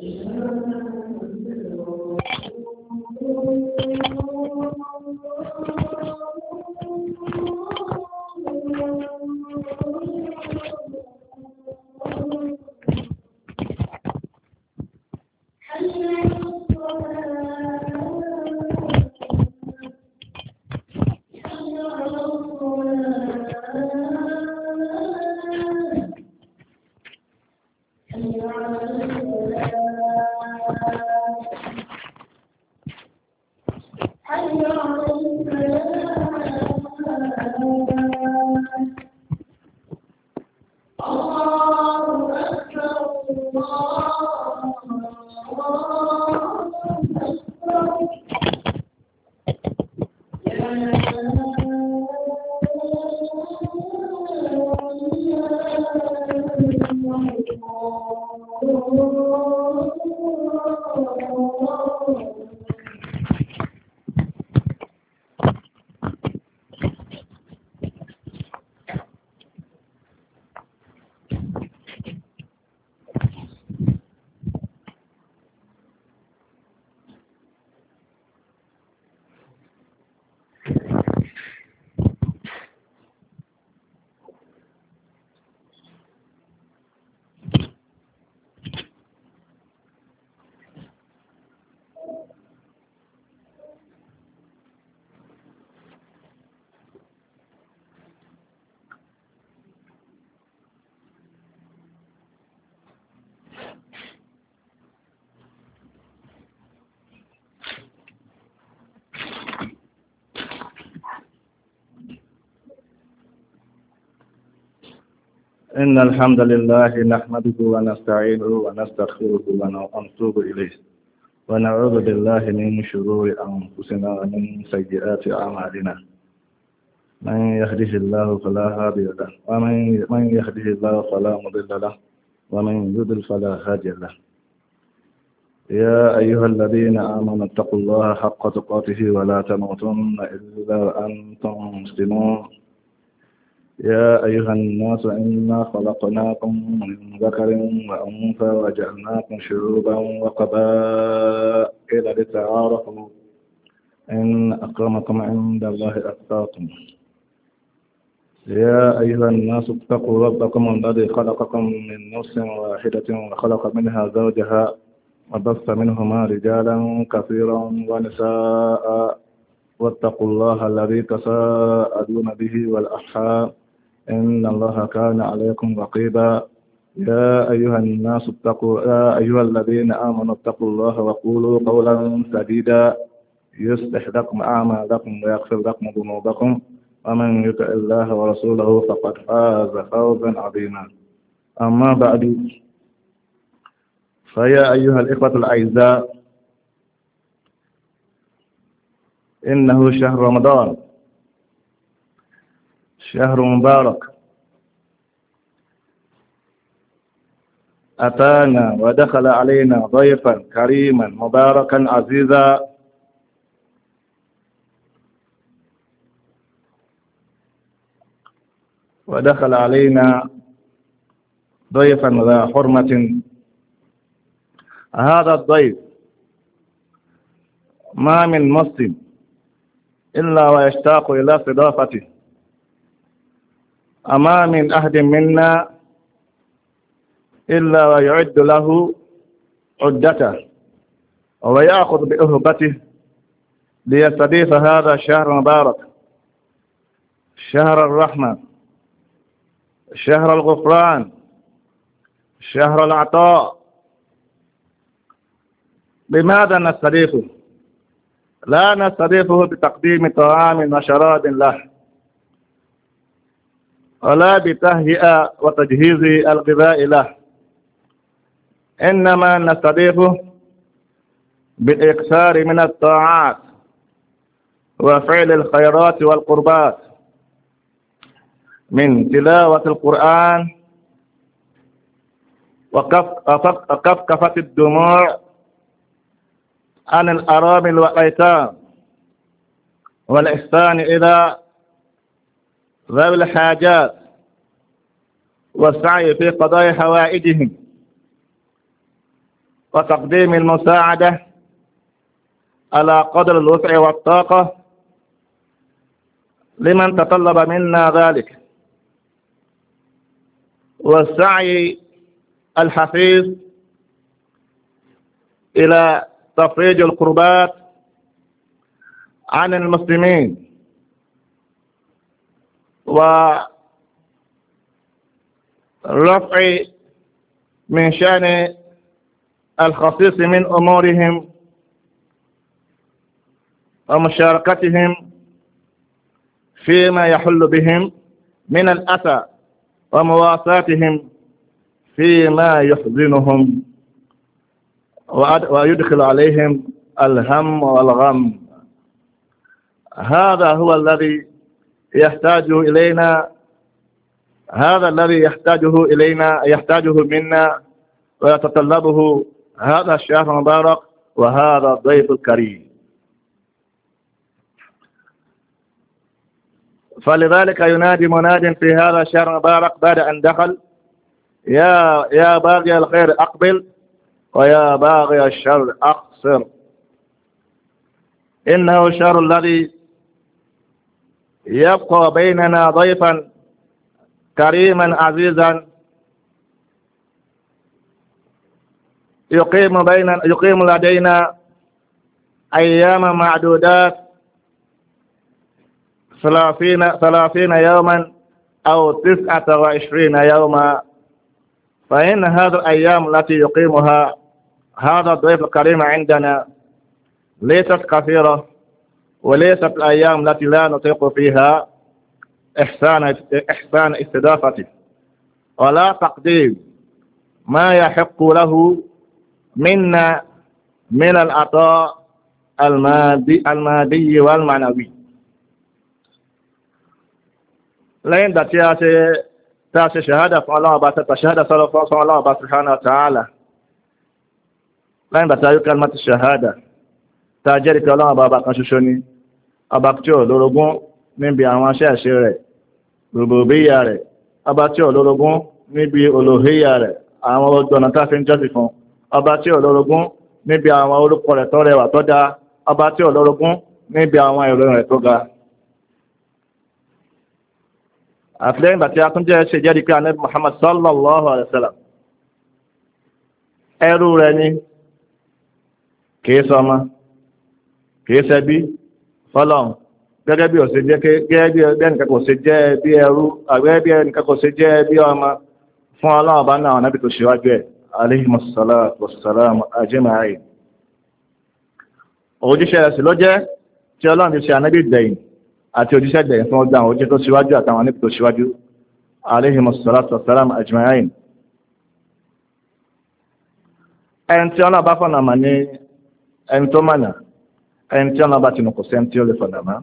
Thank you. إن الحمد لله نحمده ونستعينه ونستغفره ونتوب إليه ونعوذ بالله من شرور أنفسنا ومن سيئات أعمالنا من يهده الله فلا هادي له ومن من يهده الله فلا مضل له ومن يضل فلا هادي له يا أيها الذين آمنوا اتقوا الله حق تقاته ولا تموتن إلا وأنتم مسلمون يا أيها الناس إنا خلقناكم من ذكر وأنثى وجعلناكم شعوبا وقبائل لتعارفوا إن أكرمكم عند الله أتقاكم يا أيها الناس اتقوا ربكم الذي خلقكم من نفس واحدة وخلق منها زوجها وبث منهما رجالا كثيرا ونساء واتقوا الله الذي تساءلون به والأحام إن الله كان عليكم رقيبا يا أيها الناس اتقوا يا أيها الذين آمنوا اتقوا الله وقولوا قولا سديدا يصلح لكم أعمالكم ويغفر لكم ذنوبكم ومن يطع الله ورسوله فقد فاز فوزا عظيما أما بعد فيا أيها الإخوة الأعزاء إنه شهر رمضان شهر مبارك أتانا ودخل علينا ضيفا كريما مباركا عزيزا ودخل علينا ضيفا ذا حرمة هذا الضيف ما من مسلم إلا ويشتاق إلى استضافته أما من أحد منا إلا ويعد له عدته ويأخذ بأهبته ليستضيف هذا الشهر المبارك شهر الرحمة شهر الغفران شهر العطاء بماذا نستضيفه لا نستضيفه بتقديم طعام وشراب له ولا بتهيئة وتجهيز الغذاء له إنما نستضيفه بالإكثار من الطاعات وفعل الخيرات والقربات من تلاوة القرآن وكفكفة الدموع عن الأرامل والأيتام والإحسان إلى ذوي الحاجات والسعي في قضاء حوائجهم وتقديم المساعدة على قدر الوسع والطاقة لمن تطلب منا ذلك والسعي الحفيظ إلى تفريج القربات عن المسلمين ورفع من شأن الخصيص من أمورهم ومشاركتهم فيما يحل بهم من الأسى ومواساتهم فيما يحزنهم ويدخل عليهم الهم والغم هذا هو الذي يحتاج إلينا هذا الذي يحتاجه إلينا يحتاجه منا ويتطلبه هذا الشهر المبارك وهذا الضيف الكريم فلذلك ينادي مناد في هذا الشهر المبارك بعد أن دخل يا يا باغي الخير أقبل ويا باغي الشر أقصر إنه الشهر الذي يبقى بيننا ضيفا كريما عزيزا يقيم بين يقيم لدينا أيام معدودات ثلاثين ثلاثين يوما أو تسعة وعشرين يوما فإن هذه الأيام التي يقيمها هذا الضيف الكريم عندنا ليست كثيرة وليست الأيام التي لا نطيق فيها إحسان, إحسان استدافته ولا تقديم ما يحق له منا من العطاء المادي, المادي والمعنوي لين دتياتي تاسي شهادة الله بس تشهادة صلى الله سبحانه وتعالى لين بتايو كلمة الشهادة tàjẹ́rì pé ọlọ́run bàbá kan ṣoṣo ni ọba tí ò lórogún níbi àwọn aṣẹ́ àṣẹ rẹ̀ rùbùbíyà rẹ̀ ọba tí ò lórogún níbi olóhíyà rẹ̀ àwọn ọgbọ̀nà tá fi ń jọ́sìn fún ọba tí ò lórogún níbi àwọn orúkọ rẹ̀ tó rẹwà tó dáa ọba tí ò lórogún níbi àwọn ìròyìn rẹ̀ tó ga àfilẹ́yìn bàtí akúnjẹ́ ṣe jẹ́rìí pé anẹ́bí Muhammad sallallahu alaihi wasallam ẹrú rẹ̀ ni kìí sọmọ kìí ṣẹbí fọlọ́n gẹ́gẹ́ bí ọ̀sẹ̀ jẹ́ gẹ́gẹ́ bí ẹnìkan kò ṣe jẹ́ bí ẹrú àgbẹ́ bí ẹnìkan kò ṣe jẹ́ bí ọmọ fún ọlọ́run bá náà nábì tó ṣíwájú ẹ̀ aléhìmọ̀sálàmù ajímáyé òjíṣẹ́ rẹ̀ sì ló jẹ́ tí ọlọ́run ti ṣe ànábì dẹ̀yìn àti òjíṣẹ́ dẹ̀yìn fún ọgbà àwọn òjíṣẹ́ tó ṣíwájú àtàwọn nábì tó ṣíwájú aléhìmọ̀sálàmù ajímáyé ẹni tí ọlọ́run bá mà ní ẹni tó mànà ẹni tí ọlọ́ba ti nùkọ̀ sẹ́ni tí ó lè fọ̀nà mọ́.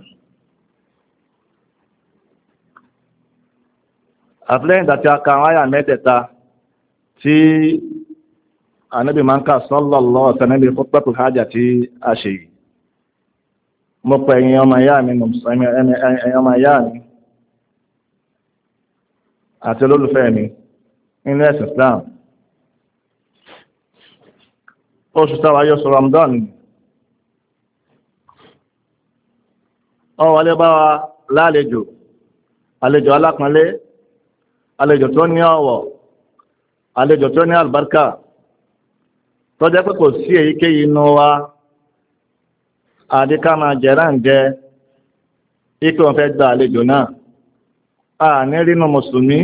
àtìlẹ́yìn dàtí aka àwọn àyà mẹ́tẹ̀ẹ̀ta tí ànábì máa ń kà sallallahu àtànábì fúnpẹ́pù hájà tí a ṣe yìí mo pẹ̀ ẹ̀yin ọmọ ìyá mi mùsùlùmí ẹ̀yin ọmọ ìyá mi àti olólùfẹ́ mi nínú ẹ̀sìn Islam oṣù táwa yóò sọ Ramadan ni ọwọlé bá wa lálejò àlejò alápọ̀nlé tó ní ọ̀wọ̀ àlejò tó ní albarka tó jẹ́ pé sí èyíkéyìí inú wa àdíká máa jẹ̀rá jẹ ikú wọn fẹ́ gba àlejò náà a ní rínú mùsùlùmí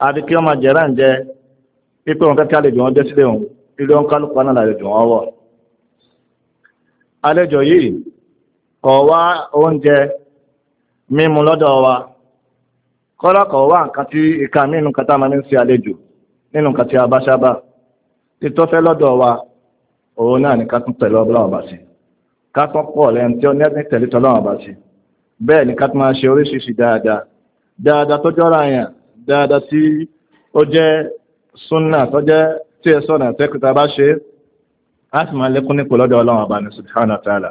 máa jẹ ikú wọn fẹ́ kí wọn wọn ilé wọn kálukú náà wọn kọ̀ wá oúnjẹ mímu lọ́dọ̀ wa kọ́lá kọ̀ wá nǹkan tí ìka mí nǹkan tá a máa ń ṣe àlejò nínú nǹkan tí a bá sábà títọ́fẹ́ lọ́dọ̀ wa òun náà ni ká tún tẹ̀lé ọlọ́run bá sí ká pọ̀ lẹ́yìn tí ó ní ẹ̀sìn tẹ̀lé tọ́lọ́run bá sí bẹ́ẹ̀ ni ká tún máa ṣe oríṣiríṣi dáadáa dáadáa tó jọ́ra yẹn dáadáa tí ó jẹ́ súnà tó jẹ́ tí ẹ sọ̀nà tẹ́kùtà bá ṣe á sì máa lékún nípò lọ́dọ̀ ọlọ́run bá ní subhanahu wa ta'ala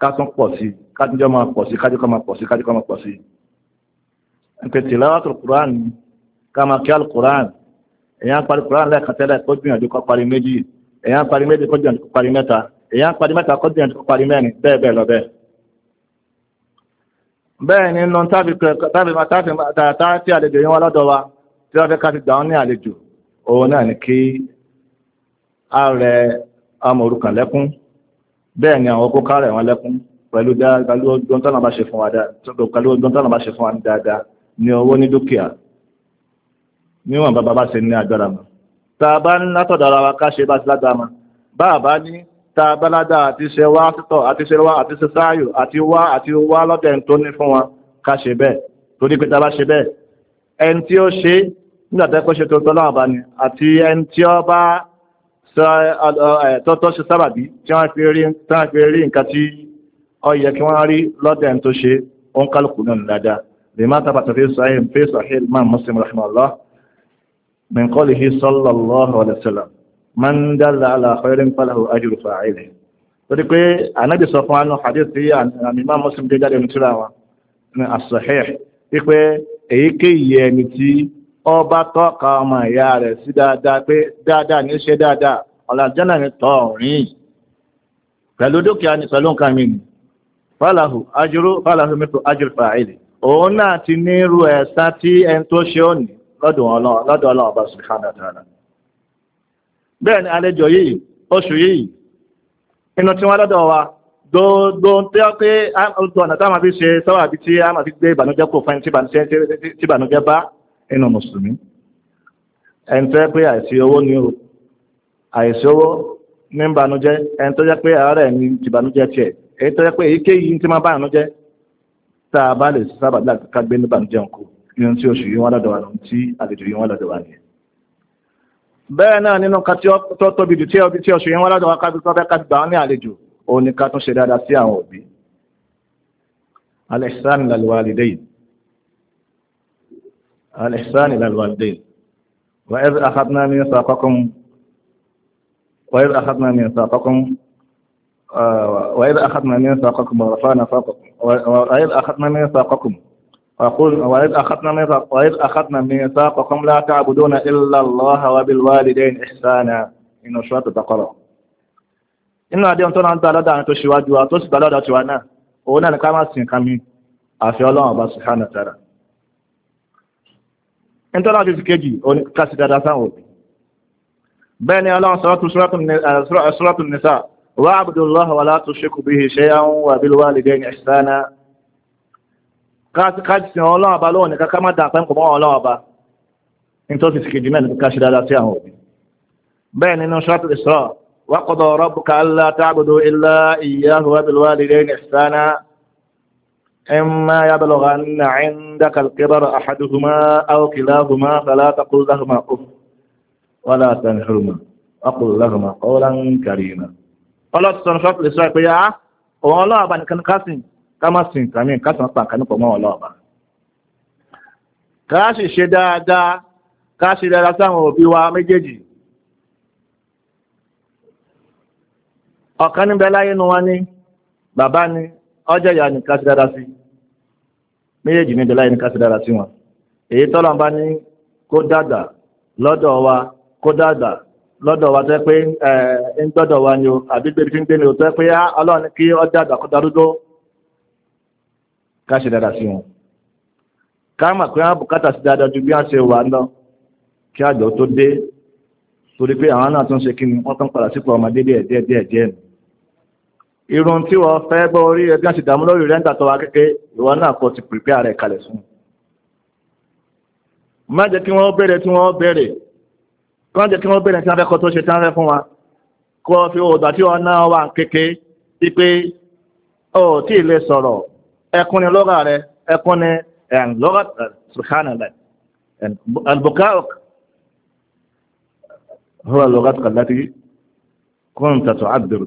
kátún pọ̀ sí kájújọ́ máa pọ̀ sí kájúkọ́ máa pọ̀ sí kájúkọ́ máa pọ̀ sí ẹ̀pẹ̀ tilawatul Qur'an ká máa kí al-Qur'an èyàn parí Qur'an lẹ́ẹ̀kan tẹ́lẹ̀ kó gbìyànjú kó parí méjì èyàn parí méjì kó gbìyànjú kó parí mẹ́ta èyàn parí mẹ́ta kó gbìyànjú kó parí mẹ́rin bẹ́ẹ̀ bẹ́ẹ̀ lọ bẹ́ẹ̀ bẹ́ẹ̀ ni nínú tábì tí àlejò yín wá lọ́dọ̀ wa tí wọ́n fẹ́ ká ti gbà wọ́n ní àlejò òun náà ni kí ààrẹ amòrukàn lẹ́kún bẹ́ẹ̀ ni àwọn kó kárẹ̀ wọn lẹ́kún pẹ̀lú ọdún tánà bá ṣe fún wa dáadáa ní owó ní dúkìá níwọ̀n bàbá bá ṣe ní agbára mọ̀ ta bá ń látọ̀dára wa ká ṣe bá ti ládàá mọ̀ bàbá ní ta bá ládàá àti ṣe wá títọ̀ àti ṣe wá àti ṣe sáàyò àti wá àti wá lọ́dẹ̀ tó ní fún wa ká ṣe bẹ́ẹ̀ torí pé ta bá ṣe bẹ́ẹ̀ ẹni tí ó ṣe nígbàtẹ́kọ́ ṣe tó tọ́lá àbáni àti ẹni tí ó bá tó ṣe sábàbí tí wọ́n fi rí nǹkan tí ó yẹ kí wọ́n rí lọ́dẹ̀ tó ṣe òun kálukú náà dáadáa lè má tábàtà fi sahih fi sahih imam muslim rahimahullah min qawlihi sallallahu alaihi wasallam man dalla ala khairin falahu ajru fa'ilih torí pé ànábì sọ fún anú hadith tí àmì ọba tọ́ka ọmọ ìyá rẹ̀ sí dáadáa pé dáadáa ní ṣe dáadáa ọ̀làjánà ní tọ́ ọ̀rìn pẹ̀lú dúkìá ní pẹ̀lú nǹkan mi ni fàlàhù ajúrú fàlàhù mẹ́tò ajúrú fàáìlì òun náà ti nírú ẹ̀san tí ẹn tó ṣe ó ní lọ́dọ̀ ọlọ́run ọba subhanahu wa ta'ala bẹ́ẹ̀ ni àlejò yìí oṣù yìí inú tí wọ́n lọ́dọ̀ wa gbogbo tí ó pé ọ̀nà táwọn fi ṣe sọ́wọ́ àbí tí a fi gbé ìbànújẹ́ kò tí ìbànújẹ́ bá nínú mùsùlùmí ẹni tó yẹ pé àìsí owó ni o àìsí owó ní ìbànújẹ́ ẹni tó yẹ pé àárẹ̀ ni ìbànújẹ́ tiẹ̀ èyí tó yẹ pé èyíkéyìí tí máa bá ànújẹ́ tá a bá lè sábà láti ká gbé ní ìbànújẹ́ nǹkó ní ohun tí oṣù yìí wọ́n lọ́dọ̀ wà lóhun tí àlejò yìí wọ́n lọ́dọ̀ wà nìyẹn bẹ́ẹ̀ náà nínú ka tí ó tóbi jù tí ó tí oṣù yẹn wọ́n lọ́dọ̀ wá kájú tó fẹ́ kájú gbà wọ́n ní àlejò òun ni ká tún ṣe dáadáa sí àwọn òbí al-ihsan lil walidayn الإحسان إلى الوالدين وإذ أخذنا ميثاقكم وإذ أخذنا ميثاقكم آه، وإذ أخذنا ميثاقكم ورفعنا فوقكم وإذ أخذنا ميثاقكم وقل وإذ أخذنا ميثاق وإذ أخذنا ميثاقكم لا تعبدون إلا الله وبالوالدين إحسانا إن شاء الله inú adé tó náà ń ta lọ́dà àwọn tó ṣíwájú wa tó sì ta lọ́dà tiwa náà òun náà ni nítorí àti ìkejì kásì dáadáa sáwọn òbí bẹ́ẹ̀ ni ọlọ́run sọ́rọ́tù sọ́rọ́tù nìsà wà abdullahi wà látò ṣekú bí i ṣe yáwọn wà bí lówà lèdè ní ìsànà kásì sí ọlọ́run ọba lóhùn nìkan ká má dà pẹ́ńkù mọ́ ọlọ́run ọba nítorí ìkejì náà wà kọ́dọ̀ rabbuka allá إما يبلغن عندك الكبر أحدهما أو كلاهما فلا تقل لهما أف ولا تنهرهما وقل لهما قولا كريما قال الصنفات الإسرائيل يا والله أبا كان كاسم كما سين كمين كاسم أبا كان كما والله أبا كاشي شدا دا كاشي دا سامو بيوا مجيجي ọ̀kan níbẹ̀ láyé nu ọjọ́ ìyá ni ká sí si sí méjèèjì ní ìdílá yìí ní ká sí dáadáa sí wọn èyí tọ́lọ̀ bá ní kó dàgbà lọ́dọ̀ wa kó dàgbà lọ́dọ̀ tẹ́ pé ń gbọ́dọ̀ wa ni o àbí gbé fi ń gbé ni o tẹ́ pé ọlọ́run kí ọ dàgbà kó darúgbó ká sí sí wọn ká mà pé wọn bùkátà sí dáadáa ju bí wọn ṣe wà lọ kí àjọ tó dé torí pé àwọn irun tí wọ́n fẹ́ gbọ́ orí ẹgbẹ́ àti ìdààmú lórí rẹ̀ ń tàtọ́ wa kéke ìwọ náà kò ti prepare rẹ̀ kalẹ̀ fún un má jẹ́ kí wọ́n bẹ̀rẹ̀ tí wọ́n bẹ̀rẹ̀ kí wọ́n jẹ́ kí wọ́n bẹ̀rẹ̀ tí wọ́n fẹ́ kọ́ tó ṣe tí wọ́n fẹ́ fún wa kó fi òdà tí wọ́n náà wà kéke sí pé ó tí ì sọ̀rọ̀ ẹkún lọ́gà rẹ ẹkún lọ́gà subhanallah albuka huwa lọ́gà kàlá tí kò ń tàtọ́ àbẹ̀rù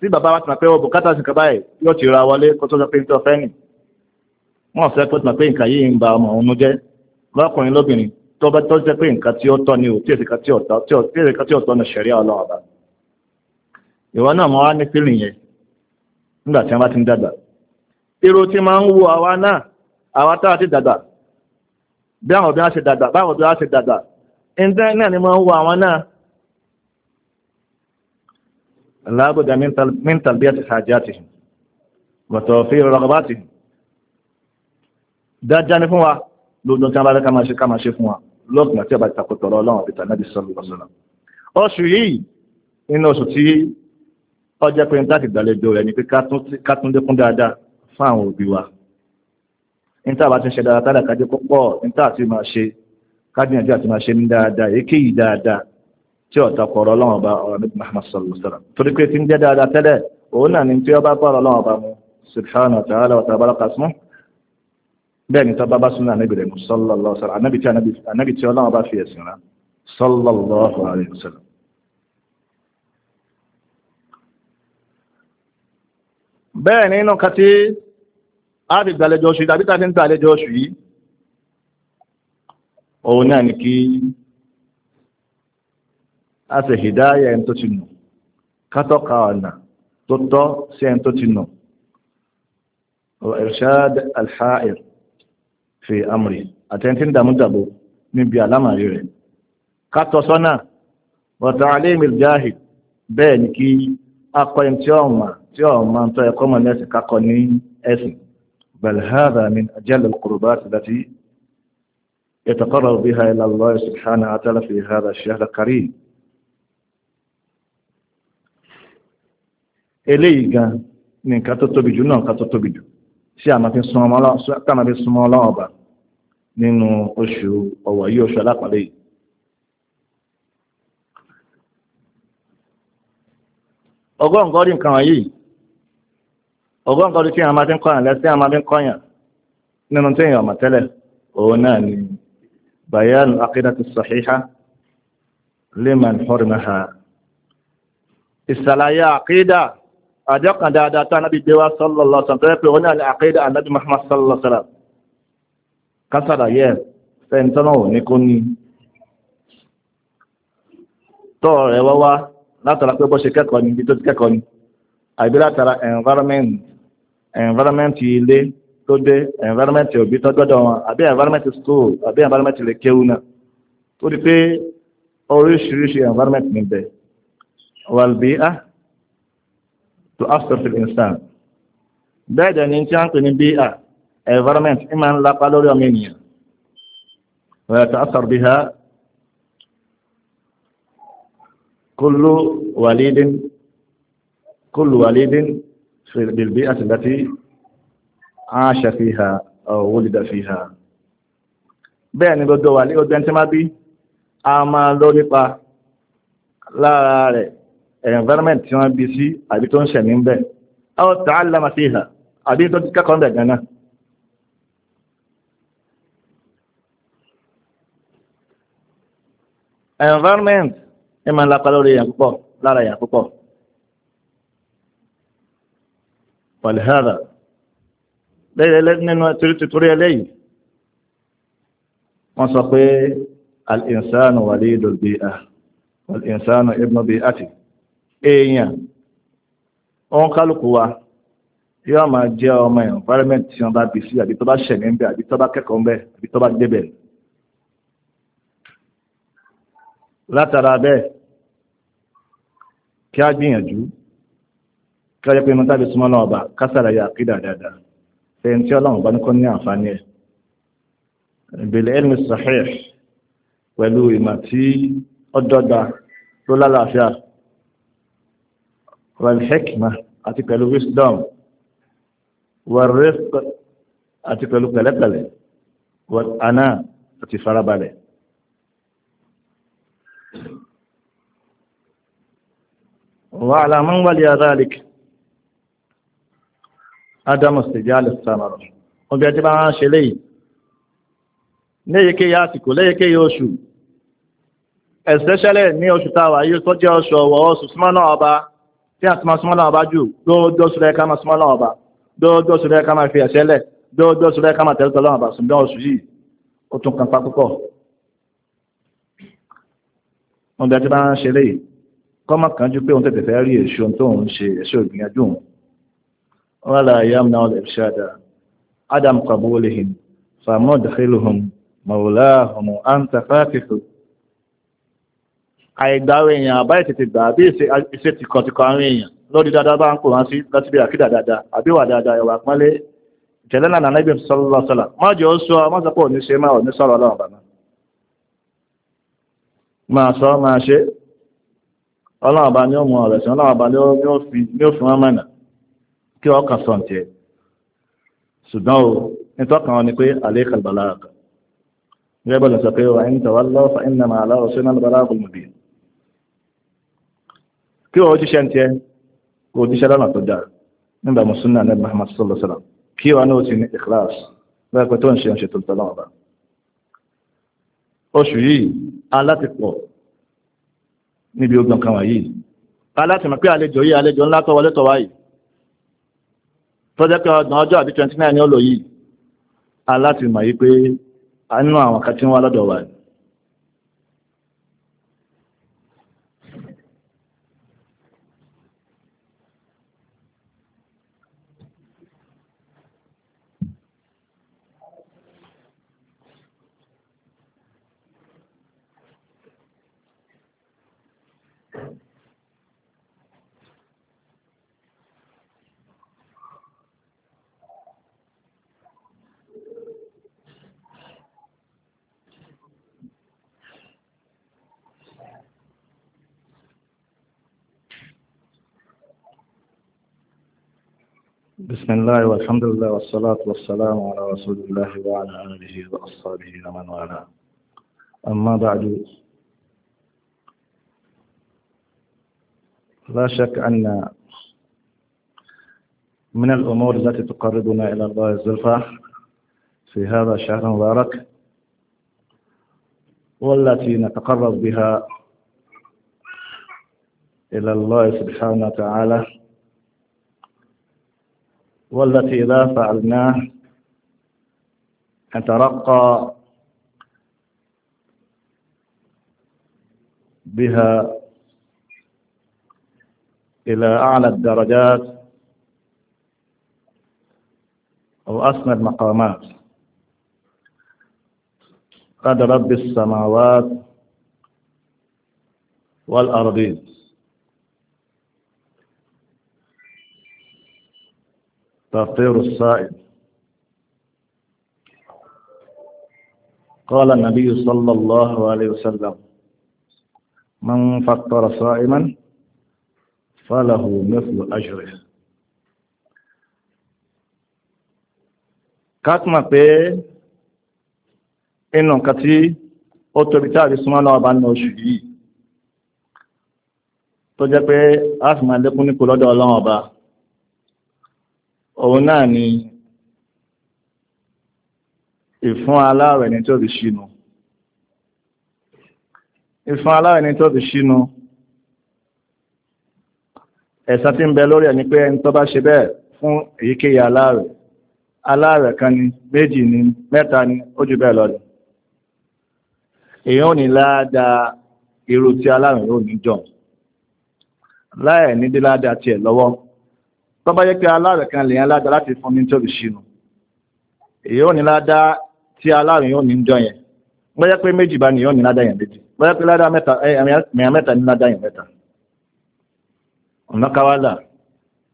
tí bàbá wa ti máa pẹ́ wọ bùkátà sí nǹkan báyìí yóò ti ra wọlé kó tó sọ pé tó fẹ́ nì wọ́n sọ pé pé nǹkan yìí ń ba ọmọ òun jẹ́ lọ́kùnrin lóbìnrin tó bá tọ́jú pé nǹkan tí ó tọ́ ni ò tí èsì kan tí ò tọ́ ni ṣẹ̀rí ọlọ́run ọba ìwọ náà mọ́ wá ní fílì yẹn nígbà tí wọ́n bá ti ń dàgbà irú tí máa ń wo àwa náà àwa tá a ti dàgbà bí àwọn obìnrin á ṣe dàgbà báwọn obìnrin á ṣe dàgbà ìdẹ́ náà ni máa ń wo àwọn náà لا بد من من تلبية حاجاتهم وتوفير رغباتهم dájá ní fún wa lóòdùn tí a bá rẹ́ ká máa ṣe ká máa ṣe fún wa lọ́gbọ̀n tí a bá takò tọ̀rọ ọlọ́run àti tànàbí sọ́lọ́sọ́lọ́ oṣù yìí nínú oṣù tí ọjọ́ pé ní láti gbàlejò rẹ̀ ni pé ká tún lékún dáadáa fún àwọn òbí wa níta bá ti ń ṣe dáadáa tádà kájẹ́ púpọ̀ níta àti máa ṣe kájìyànjú àti máa tí ọ̀tá kọ̀ọ̀rọ̀ ọlọ́run ọba ọ̀rọ̀ nípa Muhammad sallallahu alaihi wasallam torí pé tí ń jẹ́ dáadáa tẹ́lẹ̀ òun náà ni tí ọba kọ̀ọ̀rọ̀ ọlọ́run ọba mu subhanahu wa ta'ala wa ta'ala kasmu bẹ́ẹ̀ ni tọ́ba bá súnmọ́ anábì rẹ̀ mu sallallahu alaihi wasallam fi ẹ̀sìn rán sallallahu ase hìdáyà ẹni tó kato nù kátọ́ka ọ̀nà tó tọ́ sí ẹni tó ti nù irshad alha'ir fi amri atentin ń dàmú dàbò bi alama yure kátọ́ sọ́nà wa ta'lim al jahid ni kí akko en tioma tioma tí e tó ẹ̀kọ́ mọ̀ kakọ ní esi bal hadha min ajal alqurbat allati yataqarrabu biha ila Allah subhanahu wa ta'ala fi hadha ash-shahr eléyìí gan ní nǹkan tó tóbi jù náà nǹkan tó tóbi jù tí a máa fi súnmọ́ ọlọ́run ọba nínú oṣù ọ̀wọ̀ yìí oṣù alápàdé yìí. ọgọ́rùn kọ́ rí nǹkan wọ̀nyí ọgọ́rùn tí a máa fi ń kọ́yàn lẹ́sí a máa fi ń kọ́yàn nínú tí èèyàn òun náà ni bayan akidati sahiha liman àjọ kan dáadáa tá anábì gbé wá sallallahu alaihi wasallam tó yẹ pé oní àkídà anábì Muhammad sallallahu alaihi wasallam kásàdà yẹ fẹ́ni tọ́nà ò ní kó ní tọ́ rẹ̀ wá wá látara pé bó ṣe kẹ́kọ̀ọ́ ni ibi tó ti kẹ́kọ̀ọ́ ni àbí látara environment environment ilé tó dé environment òbí tó gbọ́dọ̀ wọn àbí environment school àbí environment ilé kéwù náà tó di pé oríṣiríṣi environment níbẹ̀ wàlbíà to astafil insan bẹ́ẹ̀ dẹ̀ ni tí a ń pè ní bíà environment ìmọ̀ ńlá pa lórí ọmọ ènìyàn wa yata'athar biha kullu walidin kullu walidin bil bi'ati allati 'asha fiha aw wulida fiha bẹ́ẹ̀ ni gbogbo wà ní ọdún tí má bí a máa lórí pa lára rẹ̀ environment tí wọ́n bí sí àbí tó ń ṣẹ̀mí ń bẹ̀ ọ́ tà á lámà sí ìhà àbí tó ti kẹ́kọ̀ọ́ ń bẹ̀ environment ẹ máa ń lórí èèyàn púpọ̀ lára èèyàn púpọ̀ pàlìhàrà lẹ́yẹ̀lẹ́ nínú torí ẹlẹ́yìí wọ́n sọ pé al-insanu walidul bi'ah wal-insanu ibnu bi'ati èèyàn òun kálukú wa yóò máa jẹ́ ọmọ environment tí wọ́n bá bí sí àbí tó bá ṣẹ̀mí ń bẹ̀ àbí tó bá kẹ́kọ̀ọ́ ń bẹ̀ àbí tó bá débẹ̀ látara bẹ́ẹ̀ kí á gbìyànjú kí á jẹ́ pé inú tábí súnmọ́ náà ọba kásàrà yà àkídà dáadáa fẹ́yìn tí ọlọ́run bá ní kọ́ ní àǹfààní ẹ̀ ìbèlè ilmi sahih pẹ̀lú ìmọ̀ tí ó dọ́gba tó lálàáfíà wàlhẹ́kìmá àti pẹ̀lú wisdom والرفق àti pẹ̀lú pẹ̀lẹ́pẹ̀lẹ́ wàhánà àti farabalẹ̀. وعلى من ولي ذلك عدم استجال الثمرة وبيا تبع شلي ليكي ياتيكو ليكي يوشو especially ní oṣù táwà yìí tó oṣù ọ̀wọ̀ oṣù súnmọ́ náà ọba tí a ti máa súnmọ́ láwọn ọba jù dọ́ọ́dọ́ sọ́dọ̀ ẹ̀ka máa súnmọ́ láwọn ọba dọ́ọ́dọ́ sọ́dọ̀ ẹ̀ka máa fi ẹ̀ṣẹ̀ lẹ̀ dọ́ọ́dọ́ sọ́dọ̀ ẹ̀ka máa tẹ̀lé láwọn ọba ṣùgbọ́n oṣù yìí ó tún kan pa púpọ̀. wọn bẹ tí bá ń ṣe lè kọ́mọ kan jú pé òun tètè rí èṣù tó ń ṣe èṣù ìgbìyànjú òun. wọn a èèyàn àbá ìtètè gbà àbí ìṣe tìkọ̀tìkọ̀ àwọn èèyàn lórí dáadáa bá ń ha si láti bí àkídà dáadáa àbí dáadáa ìwà pọ́nlé ìtẹ̀lẹ́ náà nàlẹ́ ìbẹ̀rù sọ́lọ́ sọ́lá má jọ ó sọ má sọ ṣe má òní sọ̀rọ̀ ọlọ́run sọ máa ṣe ọlọ́run bá ní ọlọ́run bá ní fi wọ́n kí sọ̀ǹtì ẹ̀ ṣùgbọ́n o nítọ́kàn ni pé gẹ́gẹ́ bọ́lá sọ pé wà ń kí wọ́n ojúṣe ń tiẹ́ kó ojúṣe lọ́nà tó dáa nígbà mùsùlùmí àná Muhammad sallallahu alaihi wasallam kí wọ́n náà ti ní ikhlas lẹ́ẹ̀pẹ́ tó ń ṣe ṣètò ìtọ́lọ́ ọba oṣù yìí alátìpọ̀ níbi ogun kan wáyé alátìmọ̀ pé àlejò yìí àlejò ńlá tó wọlé tó wáyé tọ́jẹ́ pé ọgbọ̀n ọjọ́ àbí 29 ni ó lò yìí alátìmọ̀ yìí pé a nínú àwọn kan tí wọ́n lọ́dọ̀ wáyé بسم الله والحمد لله والصلاة والسلام على رسول الله وعلى آله وأصحابه ومن والاه أما بعد لا شك أن من الأمور التي تقربنا إلى الله الزلفى في هذا الشهر المبارك والتي نتقرب بها إلى الله سبحانه وتعالى والتي إذا فعلناه نترقى بها إلى أعلى الدرجات أو أسمى المقامات قد رب السماوات والأرضين تفطير الصائم قال النبي صلى الله عليه وسلم من فطر صائما فله مثل أجره kátùmọ̀ pé inú nǹkan tí ó tóbi táàrí súnmọ́ lọ́wọ́ bá ní oṣù yìí tó jẹ́ pé a sì máa lékún ní kò lọ́dọ̀ ọlọ́wọ́ bá òun náà ni ìfún aláàrẹ̀ ní tó fi ṣínú ìfún aláàrẹ̀ ní tó fi ṣínú ẹ̀san tí ń bẹ lórí ẹni pé ẹni tó bá ṣe bẹ́ẹ̀ fún èyíkéyà aláàrẹ̀ aláàrẹ̀ kan ni méjì ni mẹ́ta ni ó jù bẹ́ẹ̀ lọ́dọ̀ èèyàn ò ní láadáa irú tí aláàrẹ̀ ò ní jọ láẹ̀ ní dé láadáa tiẹ̀ lọ́wọ́ tó bá yẹ pé aláàrẹ̀ kan lè yẹn ládá láti fún ní tó lè ṣínú èyí ò ní ládá tí aláàrẹ̀ yóò ní ń jọ yẹn bóyá pé méjì bá ní yóò ní ládá yẹn méjì bóyá pé ládá mẹ́ta ẹ̀yà mẹ́ta ní ládá yẹn mẹ́ta ọ̀nà káwálà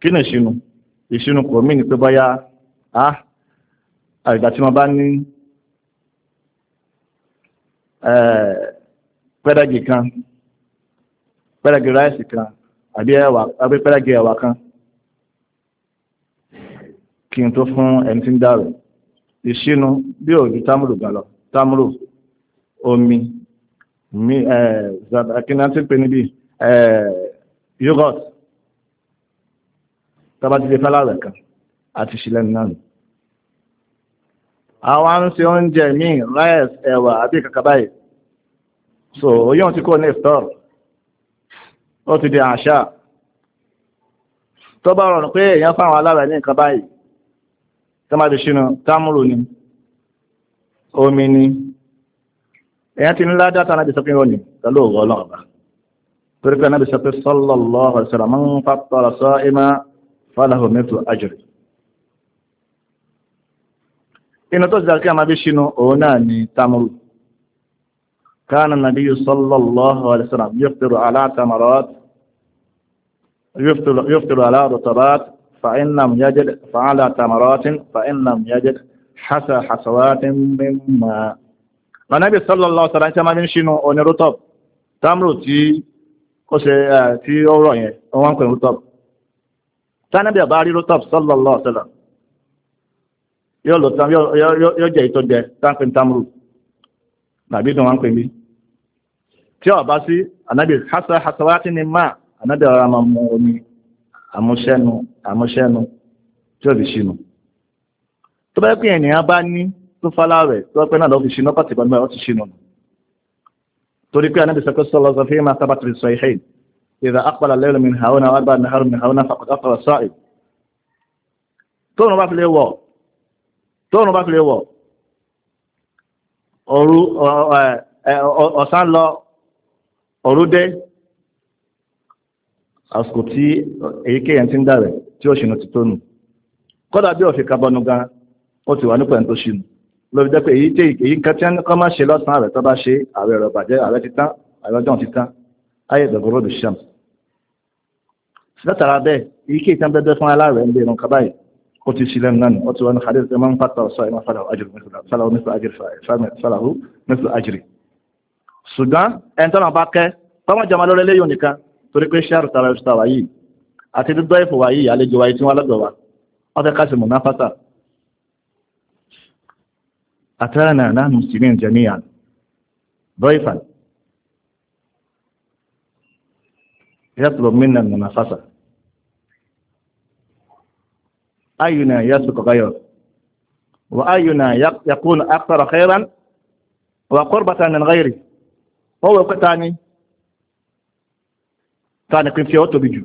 kí ni ìṣínú ìṣínú kò mí ni pé bóyá a àgbà tí wọ́n bá ní pẹ́rẹ́gì kan pẹ́rẹ́gì ráìsì kan àbí ẹ̀wà àbí pẹ́rẹ́gì ẹ̀wà kan kí n tó fún ẹni tí ń dàrú ìṣínú bí òjú támúrù gbà lọ támúrù omi mi kíni a ti pè níbi yogurt tábà ti lè fẹ́ láàrẹ̀ kan àti ṣílẹ̀ náà nù àwọn ń ṣe oúnjẹ míì rice ẹ̀wà àbí kàkàbáyì so oyún ti kó ní ìfẹ́ ó ti di àṣà tó bá rọrùn pé èèyàn fáwọn alára ní nǹkan báyìí tọ́mátì ṣínú támúrò ni omi ni èyàn ti ní ládàtà náà ti sọ pé ó ní pẹ̀lú òwò ọlọ́run ọba torí pé anábì sọ pé sallallahu alaihi wasallam man fattara sa'ima falahu mithlu inú tó zàkí àmà bí ṣínú òun náà ni támúrò كان النبي صلى الله عليه وسلم يفطر على تمرات يفطر, يفطر على رطبات فإن لم يجد فعلى تمرات فإن لم يجد حسى حسوات مما Ànábì sallallahu alaihi wasallam tí a máa ń ṣínú oní rútọ́p tamro tí ó ṣe tí ó rọ̀ yẹn wọ́n ń pè rútọ́p tánàbí àbá rí rútọ́p sallallahu alaihi wasallam yóò lò tam yóò jẹ́ ìtọ́ jẹ táǹpin tamro nàbí dùn wọ́n ń pè mí tí ó bá sí Ànábì hasa hasawati ni máa Ànábì ọ̀rọ̀ máa mú omi àmúṣẹ́nu àmọ́ṣẹ́nu tí ó fi ṣínú tó bá pín ènìyàn bá ní tó fálá rẹ̀ tó pẹ́ náà lọ fi ṣínú pàtì bá mẹ́rin ó ti ṣínú torí pé anábì sọkọ́ sọ́lọ́ sọ fí máa tábà tìrì sọ ihe ìdá àpàlà lẹ́rù mi hàúnà wà gbà nàhàrù mi hàúnà fàkọ̀tà fọ̀rọ̀ sọ́ọ̀ì tóòrùn bá fi lè wọ̀ tóòrùn bá fi lè wọ̀ òru ọ̀sán lọ òru dé àsìkò tí èyíkéyàn ti ń dà rẹ̀ tí ó ṣìnà ti tó nù kọ́dà bí ọ̀fẹ́ kábọ́nú gan ó ti wà nípa ẹni tó ṣìnà lórí jẹ́ pé èyí tẹ́ èyí nǹkan tí wọ́n máa ṣe lọ́sàn-án ààrẹ tó bá ṣe ààrẹ rẹ̀ bàjẹ́ ààrẹ ti tán ààrẹ ọjọ́ ti tán ayé ìdọ̀gọ́rọ̀ lè ṣàm látara bẹ́ẹ̀ èyí kí ìtàn bẹ́ẹ̀ fún aláàrẹ̀ ń lè ràn kábàáyì ó ti sílẹ̀ náà ó ti wọ́n hadith ẹ̀ máa ń pàtàkì sọ ẹ̀ máa fàlàwọ̀ ṣùgbọ́n ẹni tó bá kẹ́ tọ́mọ̀ lórí eléyìí nìkan torí pé ṣáàrù tara ẹ̀ àti dídọ́ ìfò wáyé ìyàlejò wáyé tí wọ́n lọ́dọ̀ wa wọ́n fẹ́ káṣe mùnáfásà àtàrànà náà muslimin jami'an ضيفا يطلب منا المنافسة أينا يسبق غيره وأينا يكون أكثر خيرا وقربة من غيره هو ثاني ثاني كنت يوتو بجو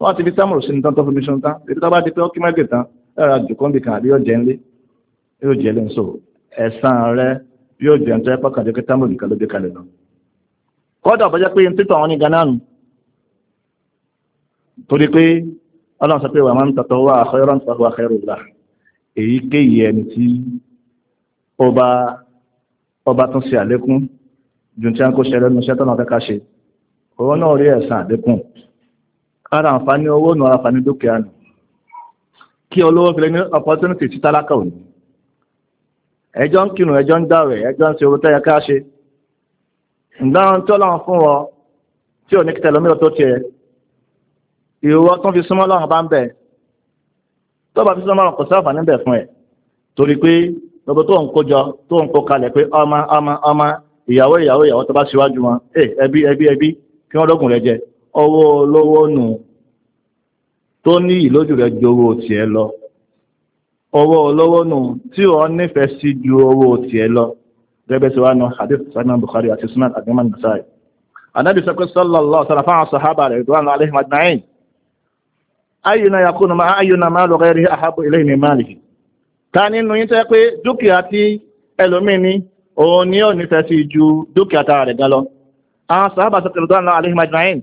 wọ́n ti fi sámúrò sí ní tán tó fi mi sùn tán èyí tó bá di pé ọkí mẹ́gbẹ̀ tán ẹ̀rọ àjùkọ́ńbì kan àbí yóò jẹ́ ńlé yóò jẹ́ lé ńsọ ẹ̀sán rẹ yóò jẹ́ ń tẹ́ pọ́kàdé kí sámúrò nìkan ló gbé kalẹ̀ lọ. kọ́dà bọ́jà pé n títọ̀ àwọn ní ganan nù torí pé ọlọ́run sọ pé wàá máa ń tọ̀tọ̀ wá àkọ́yọ́rọ́ ń tọ̀tọ̀ àkọ́yọ́rọ́ là èyíkéyìí ẹni tí ọba ọba tún ṣe àlékún ju tí a ń kó ṣe lẹ́nu iṣẹ́ tọ́nà kẹ́kẹ́ ṣe òun náà rí ẹ̀sán àlékún ara àǹfààní owó nù ara àǹfààní nù kí olówó fi ní opportunity tí tálákà ní ẹjọ́ ń kírun ẹjọ́ ń dáwẹ̀ ẹjọ́ ń ṣe owó tẹ́yẹ ká ṣe ǹdá tí ọlọ́run fún ọ tí ò ní tó tiẹ̀ tó fi súnmọ́ bá ń bẹ̀ tó bá kò sí fún ẹ̀ torí pé gbogbo tó ń tó ń kalẹ̀ pé ọmọ ọmọ ọmọ ìyàwó ìyàwó ọwọ́ olówó nù tó ní ìlójú rẹ̀ ju owó tiẹ̀ lọ ọwọ́ olówó nù tí ó nífẹ̀ẹ́ sí ju owó tiẹ̀ lọ gẹ́gẹ́ sí wá nù hadith sanan Bukhari àti sunan agman nasai anabi sọ pé sallallahu sara fáwọn sahaba rẹ̀ tó wà ní alaihi majmain ayuna yakunu ma ayuna ma lu ghairihi ahabu ilayhi min malihi ta nínú yín tẹ́ pé dúkìá tí ẹlòmíì ní òun ni ó nífẹ̀ẹ́ sí ju dúkìá tara rẹ̀ gan lọ àwọn sahaba sọ pé rẹ̀ tó wà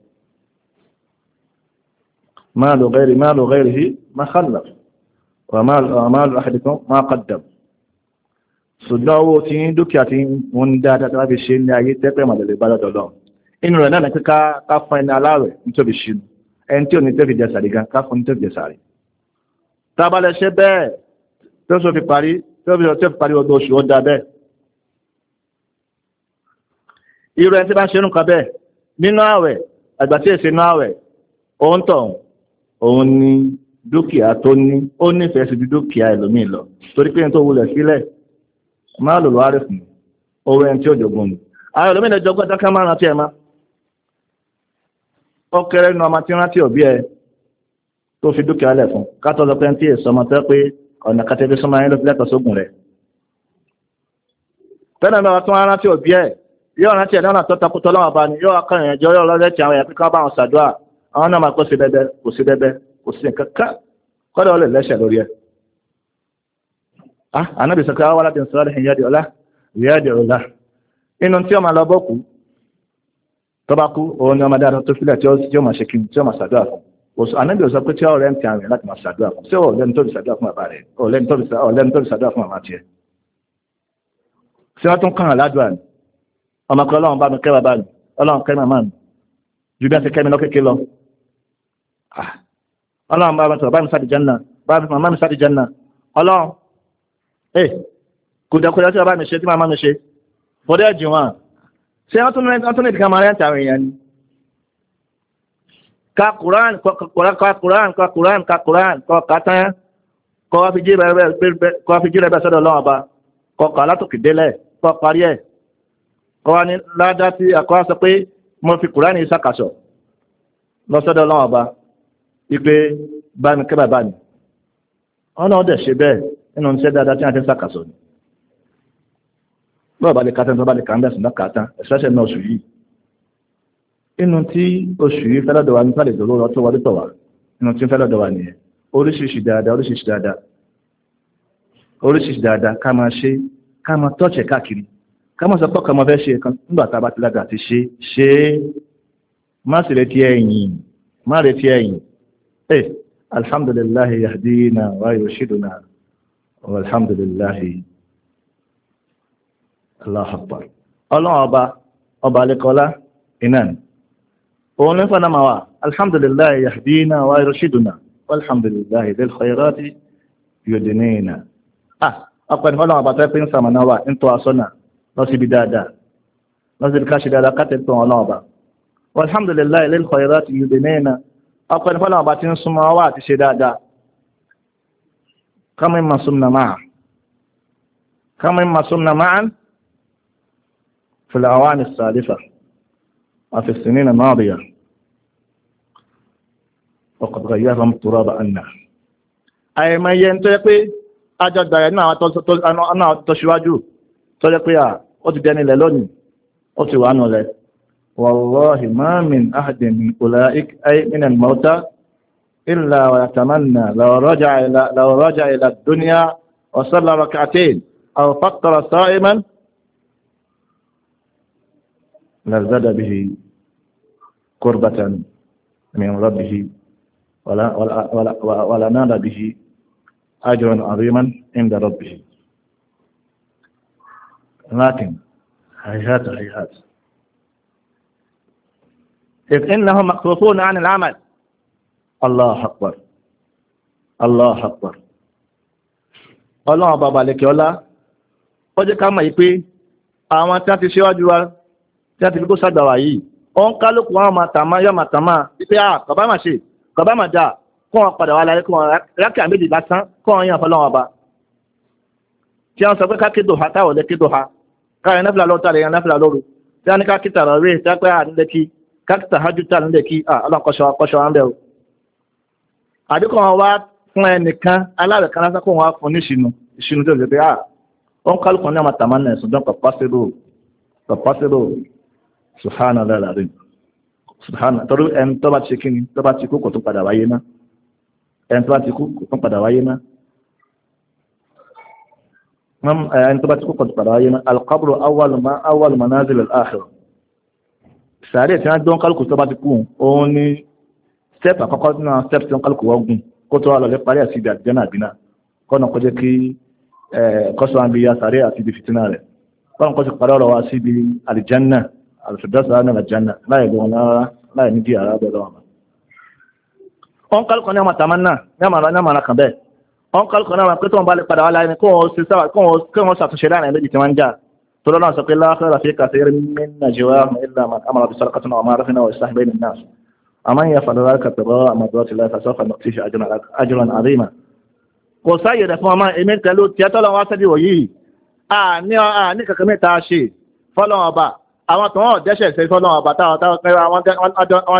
مال غير مال غيره ما خلف ومال ومال أحدكم ما قدم ṣùgbọ́n owó tí ń dúkìá tí wọ́n ń dáadáa tó láti ṣe ní ayé tẹ́pẹ́ màdàlẹ̀ bá lọ́dọ̀ lọ inú rẹ̀ náà kíká ká fún ẹni aláàrẹ̀ nítorí ṣínú ẹni tí ò ní tẹ́fì jẹsàrí gan ká fún nítorí jẹsàrí tábàlẹ̀ṣẹ́ bẹ́ẹ̀ tó sọ fi parí tó fi parí ọdún oṣù ọdá bẹ́ẹ̀ irú ẹni tí bá ń ṣe nǹkan bẹ́ẹ̀ nínú ààwẹ̀ àgbàtí èsì nínú ààwẹ̀ òun tọ̀hún òun ni dúkìá tó ní ó nífẹ̀ẹ́ sí dúkìá ẹlòmíì lọ torí pé ní tó wulẹ̀ sílẹ̀ máa owó tí ó máa rántí nu ọmọ tí rántí ẹ tó fi dúkìá lẹ̀ fún kátó lọ pé ní tí èso pé ọ̀nà ayé ló fi lẹ́tọ̀ sógun rẹ̀ tẹ́lẹ̀ tún rántí ẹ yóò rántí ẹ̀ àwọn náà máa kọ́ sí bẹ́bẹ́ kò sí bẹ́bẹ́ kò sí nǹkan ká kọ́dọ̀ ọlẹ̀ lẹ́ṣẹ̀ lórí ẹ̀ anábì ah, sọ pé àwọn alábì sọ lẹ́yìn yáde ọlá yáde ọlá inú tí ọmọ lọ bọ́kù tó bá kú òun ni ọmọ dáadáa tó filẹ̀ tí ó máa ṣe kí tí ó máa ṣàdúrà fún anábì sọ pé tí ọ̀rẹ́ ń ti àrùn láti máa ṣàdúrà fún sí ọ̀lẹ́ni ọ̀lẹ́ni tó Ah. ọlọ́run bá bàtà bá mi sáàdì jẹ́nà bá mi máa mi sáàdì jẹ́nà ọlọ́run ẹ kùdàkùdà tí bàbá mi ṣe tí màmá mi ṣe fọdẹ́ ẹ̀jì wọn ṣé wọ́n tún ní ìdíkà máa rẹ́ǹtà àwọn èèyàn ni Quran ka Quran ka Quran ka Quran kọ kàtán kọ wá fi jí rẹ bẹ sọ́dọ̀ ọlọ́run ọba kọ kà látòkè délẹ̀ kọ parí ẹ̀ kọ wá ní ládá tí àkọ́ sọ pé mo fi Quran ipe bá mi kẹ́ ọ̀nà ọ̀dẹ̀ ṣe bẹ́ẹ̀ nínú dáadáa tí wọ́n ti ń sàkàsọ ni bọ́ọ̀ bá lè kàtà nípa bá lè kàńdà sùn lákàtà ẹ̀sẹ̀ṣẹ̀ náà oṣù yìí inú tí oṣù yìí ọtọ́ inú tí nìyẹn oríṣiríṣi dáadáa oríṣiríṣi dáadáa oríṣiríṣi dáadáa ká máa ṣe ká máa tọ́ọ̀ṣẹ̀ káàkiri ká máa sọ pé ọkọ̀ máa fẹ́ ṣe kan nígbà tá a bá ti eh alhamdulillah yahdina wa yushiduna alhamdulillah Allahu akbar ọlọ́run ọba ọba alẹ́kọ́lá inan òun ló fọ́nà máa wà alhamdulillah yahdina wa yushiduna alhamdulillah dhil khayrati yudinina ah ọpẹ́ ní ọlọ́run ọba tó pín sàmà náà wà ń tọ́ asọ́nà lọ́sibí dáadáa lọ́sibí káṣí dáadáa kátẹ́ tó ọlọ́run ọba alhamdulillah dhil khayrati yudinina ọpẹ́ ní fọ́lọ́wọ́n bá ti ń súnmọ́ wá àti ṣe dáadáa kama imma sumna ma'a kama imma sumna ma'an fi al-awani as-salifa wa fi as-sinin al-madiya wa qad ghayyathum at-turab anna ay ma yen tó jẹ́ pé ajo da na to to na to síwájú pé ó ti deni le lónìí ó ti wà nu le والله ما من أحد من أولئك أي من الموتى إلا ويتمنى لو رجع إلى لو رجع إلى الدنيا وصلى ركعتين أو فطر صائما لزاد به قربة من ربه ولا ولا ولا, ولا نال به أجرا عظيما عند ربه لكن هيهات هيهات إذ إنهم مقصوصون عن العمل الله أكبر الله أكبر الله ọba balẹ̀kẹ́ ọlá ó jẹ́ ká mọ̀ yìí pé àwọn tí a ti ṣíwájú wa tí a ti fi kó sàgbàwà yìí ó ń kálùkù wọn máa tàmá yọ máa tàmá wípé ah, à kọ̀bá máa ṣe kọ̀bá máa dà kó wọn padà wà láyé kó wọn rákìá méjì lásán kó wọn yàn fọlọ́run ọba tí wọ́n sọ pé ká kédò táwọn lè kédò ha náfìlà lọ́tọ̀ àlẹ́ náfìlà lóru tí wọ́n ní ká kí tààrọ̀ rí ìtẹ́pẹ́ àdúlẹ́kì ah, káàkiri hajjútà nílẹ̀ kí alákọ̀ṣọ́ akọ́ṣọ́ àndẹ̀ o àdíkọ̀ wọn wá fún ẹnìkan aláàrẹ̀ kan lásán kó wọn wá fún ní ìṣinú ìṣinú tó lè pé ah wọn kálukọ̀ ní àwọn tàmánà ẹ̀sùn dán kọ̀ pásírò kọ̀ pásírò sùhánà lẹ́làrin sùhánà torí ẹni tó bá ti kí ni tó bá ti kú kò tó padà wáyé ná ẹni tó bá ti kú kò tó padà wáyé ná ẹni tó bá ti kú kò tó padà wáyé ná alqabru awwal ma awwal manazil al sàárè tí wọ́n gbọ́n kálukú tó bá ti kú òun ní step àkọ́kọ́ náà step tí wọ́n kálukú wọ́n gùn kó tó wà lọ́lẹ́ parí àti ibi àdìjọ́nà àbínà kọ́nà kọjá kí kọ́sọ̀ àbí sàárè àti ibi fìtínà rẹ̀ kọ́nà kọ́sọ̀ parí ọ̀rọ̀ wa sí ibi àdìjọ́nà àlùfẹ́dọ́sà náà àdìjọ́nà láì lọ́wọ́ náà láì ní di àrà bẹ́ẹ̀ lọ́wọ́ wọn kálukú ní àmà tàmá náà ní àmà ní àmà kàn bẹ́ẹ̀ wọn kálukú ní àmà tó lọ́nà sọ pé láàkàrà fi kàfẹ́rí mẹ́nà jẹ́wà ilẹ̀ àmàrà bí sọ́rọ̀ kàtún àmàrà fínà wà sáà bẹ́ẹ̀ náà àmà yẹ fàdàrà kàtàrà àmàdúrà ti láìka sọ́fà náà tíṣe àjọrán àríma kò sáyè rẹ̀ fún ọmọ èmi pẹ̀lú tí a tọ́lọ̀ wá sẹ́bí wọ̀nyí àní kankan mẹ́ta ṣe fọ́lọ́n ọba àwọn tó wọ́n dẹ́ṣẹ̀ ṣe fọ́lọ́n ọba táwọn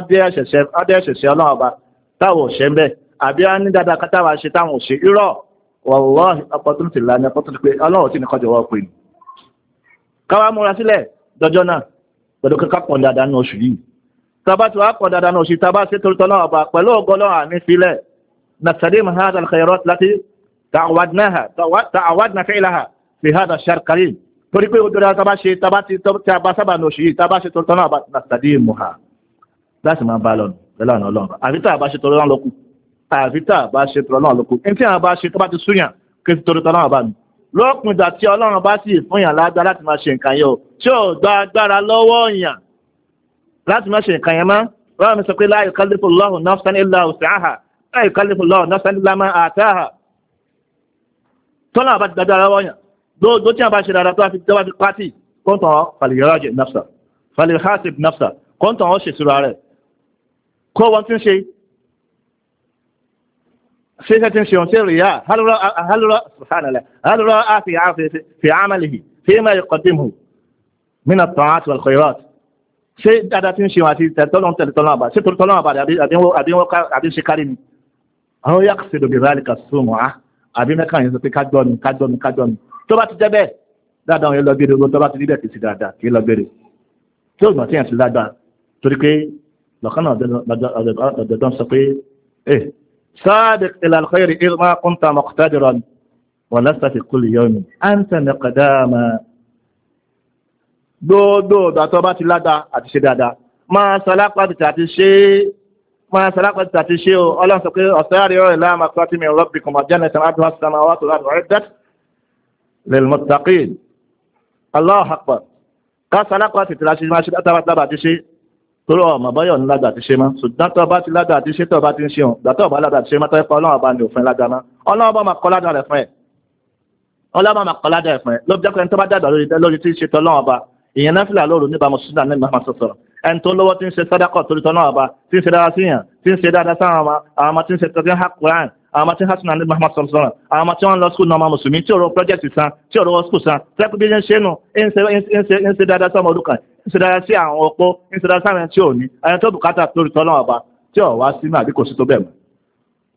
dẹ́ṣẹ̀ ṣe ọlọ́n ọba táwọn òṣè ń bẹ̀ àbí a ní dáadáa káwá múra sílẹ̀ dọjọ́ náà pẹ̀lú kankan pọ̀ dáadáa ní oṣù yìí tàbá tí pọ̀ dáadáa ní oṣù tàbá sí torítọ́ ọba pẹ̀lú ọgọ́lọ́wọ́ àmì sílẹ̀ نستديم هذا الخيرات التي تعودناها تعودنا فعلها في هذا الشهر الكريم تريكو يقول تباشي تباتي تباسا بانوشي تباشي تلتنا نستديمها láti máa bá lọ́nà lọ́nà ọlọ́run àfítà bá ṣe tọrọ náà lókù àfítà bá ṣe tọrọ náà lókù ẹni tí a bá ṣe tó bá ti súyàn kí ti tọrọ náà bá lópin ìgbà tí ọlọ́run bá sì fún yàn lágbára láti máa ṣe nǹkan yẹn o tí ò gba agbára lọ́wọ́ yàn láti máa ṣe nǹkan yẹn mọ́ wọ́n mi sọ pé la yukallifu Allahu nafsan illa wus'aha la yukallifu Allahu nafsan illa ma ataha tọ́lá bá ti dájọ́ lọ́wọ́ yàn gbogbo tí a bá ṣe dáadáa tó a fi jọba fi pátì kọ́ńtàn fàlìyàrájì nafsa fàlìyàrájì nafsa kọ́ńtàn ó ṣèṣirò rẹ̀ kó wọn ti ń ṣíṣẹ́ tí ń ṣe ṣe rí yá hálùrọ̀ á fi á fi ámàlìhì fi máa yọ kọ̀dímù mínà tán á ti wà kọ̀yọ́t ṣé dáadáa tí ń ṣe wọn àti tẹ̀lẹ̀tọ́lọ́n tẹ̀lẹ̀tọ́lọ́n àbá ṣé tọ́lọ́n àbá àbí ṣe kárí ni àwọn yàtọ̀ sí dòbí rálì kà súnmọ́ á àbí mẹ́kàn yẹn sọ pé kájọ́ mi kájọ́ mi kájọ́ mi tó bá ti jẹ́ bẹ́ẹ̀ dáadáa yẹn lọ gbére ogun tó bá ti rí bẹ́ẹ̀ kì í sí dáadáa kì í lọ gbére tí ó gbọ́n tí yẹn ti lágbára torí pé lọ́kànnà ọ̀dọ́dọ́ sọ pé eh, سابق إلى الخير إذ ما كنت مقتدرا ولست في كل يوم أنت مقداما gbogbo ọ̀dà tó bá ti lágbà àti ṣe dáadáa máa sọlápá ti tàti ṣe é máa sọlápá ti tàti ṣe ó ọlọ́run sọ pé ọ̀sẹ̀ àríwá ìlà àmàkọ́ tí mi rọ́ bí kùmọ̀ jẹ́ nẹ̀sán adùn àti sàmà wà tó láti rẹ̀ dẹ́t lẹ́lmọ̀tàkì aláhàpọ̀ ká sọlápá ti tàti ṣe máa ṣe dáadáa ti ṣe torí ọmọ bọ́yọ̀ ní lágbà ti ṣe mọ́ ṣùgbọ́n tó bá ti lágbà ti ṣe tó bá ti ń ṣe òun gbà tó bá lágbà ti ṣe mọ́ tó ẹ̀kọ́ ọlọ́run ọba ní òfin lágbà mọ́ ọlọ́run bá máa kọ́ ládàá rẹ̀ fún ẹ̀ ọlọ́run máa kọ́ ládàá rẹ̀ fún ẹ̀ ló jẹ́ pé tó bá dàgbà lórí lórí tí ń ṣe tọ́lọ́run ọba ìyẹn náfìlà lóru níbàámu sunna ní mahama sọ̀rọ̀ ẹni tó lówó tí ń ṣe sádàkọ̀ torí tọ́lọ́run ọba tí ń ṣe dára sí yàn tí ń ṣe dáadáa sáwọn ọmọ àwọn ọmọ tí ń ṣe tọ́jú ha quran àwọn ọmọ tí ń ha sunna ní mahama sọ̀rọ̀ àwọn ọmọ tí wọ́n lọ skul náà ọmọ mùsùlùmí tí òrò project san tí òrò skul san tẹ́kù bí ń ṣe nù ń ṣe dáadáa sáwọn ọdún kan ń ṣe dáadáa sí àwọn ọ̀pọ̀ ń ṣe dáadáa sáwọn tí ò ní ẹni tó bùkátà tó rí tọ́lọ́wọ́ bá tí ò wá sínú àbí kò sí tó bẹ̀rù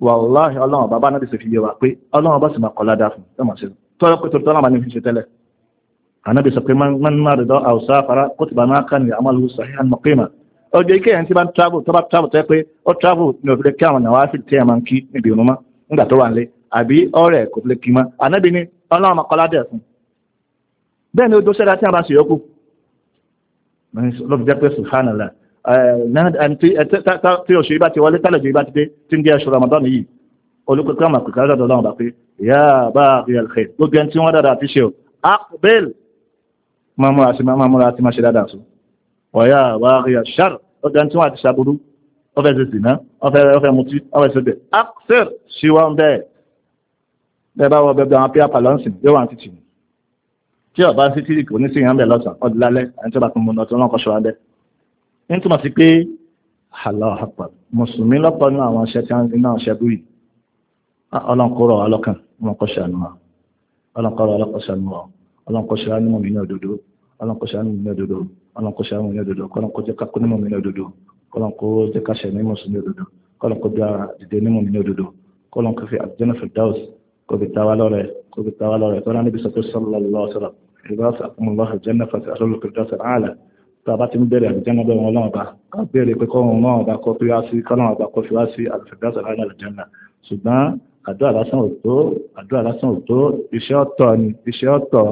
wàláhì ọlọ́wọ́ bá bá náà ṣe fi yé wa pé ọlọ́wọ́ bá sì máa kọ́ ládàá fún tọ́mọ̀ sí tọ́lọ́ pé tòótọ́ náà ní fi ṣe tẹ́lẹ̀ ànábì sọ pé man má rẹ̀ dán àwùsá fara kó ti bá máa kàn ní amalu sahihan muqima ọjọ́ ike yẹn tí bá ń travel tó bá travel tó yẹ pé ó travel ní òfin kí àwọn àwọn afi tẹ́ ẹ̀ máa ń kí níbi ìrún mọ́ nígbà a bá ṣe lọ́bi jẹ́ pé subhanallah tí oṣù ibá ti wọlé tálẹ̀jù ibá ti dé tí ń gẹ́ ẹṣù ramadan yìí olùkọ́kọ́ àmà kòkàrà dọ̀dọ̀ lọ́wọ́ bá pé yá bá rí alkhair gbogbo ẹni tí wọ́n dára àti ṣe o aqbil mamura àti mamura àti máṣe dáadáa sọ wọ̀yá bá rí ashar gbogbo ẹni tí wọ́n àti ṣàbúrú ọfẹ́ ṣe sì náà ọfẹ́ mutí ṣe bẹ̀ tí ọba sí tíríkì oníṣìyàn ń bẹ̀ lọ́sàn ọdún lálẹ́ ẹni tí ó bá tún mú un ọtún náà kọ́ ṣọ́ra bẹ́ ní túmọ̀ sí pé Allahu Akbar mùsùlùmí lọ́pọ̀ nínú àwọn iṣẹ́ tí wọ́n ń náà ṣẹ́gun yìí ah, ọlọ́nkọ́rọ̀ ọlọ́kàn ọlọ́nkọ́ṣẹ́ ànúmọ́ ọlọ́nkọ́rọ̀ ọlọ́kọ́ṣẹ́ ànúmọ́ ọlọ́nkọ́ṣẹ́ ànúmọ́ mi ní òdodo ọlọ́nkọ́ṣẹ́ ànúmọ́ mi ní òdodo ọlọ́nkọ́ṣẹ́ ànúmọ́ mi ní òdodo kọ́lọ́nkọ́ jẹ́ ká kó nímọ̀ mi ní òdodo kọ́lọ́nkọ́ jẹ́ ká ṣẹ̀ nímọ̀ sí ní òdodo kọ́lọ́nkọ́ jẹ́ ìbáṣà àkùnmọ̀lá àjẹ́nà fàṣẹ àṣọ́lù kìrìtọ́sẹ̀ àlà tá a bá ti ń bẹ̀rẹ̀ àjẹ́nà bẹ̀rẹ̀ wọn lọ́wọ́ bá ká bẹ̀rẹ̀ pé kọ́run náà bá kọ́ fi wá sí kọ́lọ́wọ́ bá kọ́ fi wá sí àlùfẹ̀dọ́sẹ̀ àlà àjẹ́nà ṣùgbọ́n àdúrà lásán ò tó àdúrà lásán ò tó iṣẹ́ ọ̀tọ̀ ni iṣẹ́ ọ̀tọ̀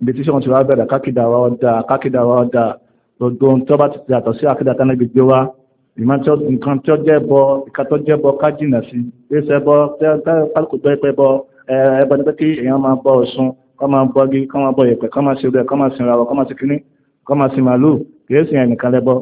ibi tí sọ́wọ́n ti wá bẹ̀rẹ̀ kákìdá wa ọ̀dà kákìdá tó bá ti sí àkìdá tán níbi gbé wa nǹkan tó jẹ́ bọ nǹkan tó jẹ́ bọ ká jìnà sí ẹsẹ̀ bọ tẹ́ kálukú tó ẹpẹ bọ ẹbọ ni kọ́ máa bọ́gí kọ́ máa bọ ìpẹ́ kọ́ máa ṣe bẹ́ẹ̀ kọ́ máa sin kíní kọ́ máa màálù kìí sin ẹnìkan lẹ́bọ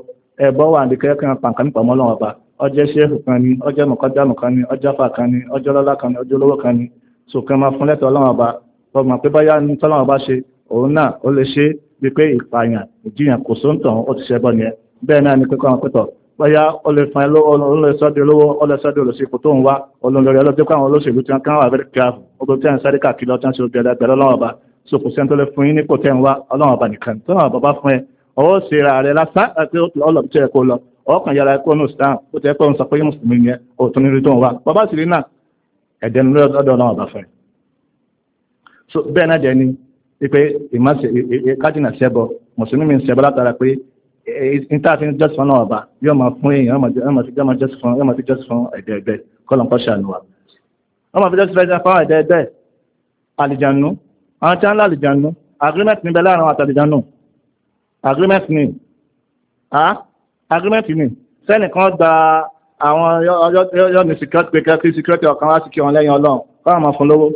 ẹbọ wà ní kẹ́kẹ́ kan pàǹkan nípa ọmọlọ́run ọba ọjọ́ ṣẹ́fù kan ni ọjọ́ mọ̀kọ́dámù kan ni ọjọ́ fà kan ni ọjọ́ lọ́lá kan ni ọjọ́ olówó kan ni so kan máa fún lẹ́tọ̀ ọlọ́run ọba ọmọ pé báyá ní tọ́lọ́run ọba ṣe òun náà ó lè ṣe bí pé ìpààyàn ìjìyàn kò sóńtàn ó ti ṣẹbọ nìyẹn bẹ́ẹ̀ náà ni pẹ́kọ́ àwọn pẹ́tọ̀ bọ́yá olùfẹ́ olóòsọ́dẹ̀ olówó olóòsọ́dẹ̀ olóṣèkò tó ń wá olóòlórí ọlọ́dẹ́kọ̀ àwọn olóṣèlú tí wọ́n kán wà very careful gbogbo tí a ń sáré káàkiri ọjọ́ ṣe bẹ̀rẹ̀ bẹ̀rẹ̀ ọlọ́run ọba so kò sẹ́ni tó lè fún yín nípò tẹ́ ń wá ọlọ́run ọba nìkan tó náà bàbá fún ẹ ọwọ́ ṣe ra rẹ lásán àti ọlọ́run tó yẹ kó lọ ọkàn yàrá ẹkọ ní islam ó ti ẹkọ ń sọ pé mùsùlùmí yẹn ó tún nírí tó ń wá bàbá sì rí náà ẹ̀dẹ̀ ní lọ́dọ̀ ọlọ́run ọba fún ẹ. so bẹ́ẹ̀ náà jẹ́ ni pé kájínà ṣẹbọ mùsùlùmí ń ṣẹbọ látara pé ìtàfin jọ́sìn ọlọ́run ọba yóò máa fún èèyàn yóò máa ti jọ́sìn fún ẹ̀dẹ̀ ẹ̀gbẹ́ wọ́n máa fi jẹ́ sílẹ̀ fáwọn ẹ̀dẹ́ ẹ̀dẹ́ àlìjànú àwọn tí wọ́n lá àlìjànú agreement níbẹ̀ láàrin àtàlìjànú agreement ni secret ni sẹ́nì kan gba àwọn yọ́ ní security pé kẹ́kí security ọ̀kan wá kí wọn lẹ́yìn ọlọ́run kọ́nà máa fún lówó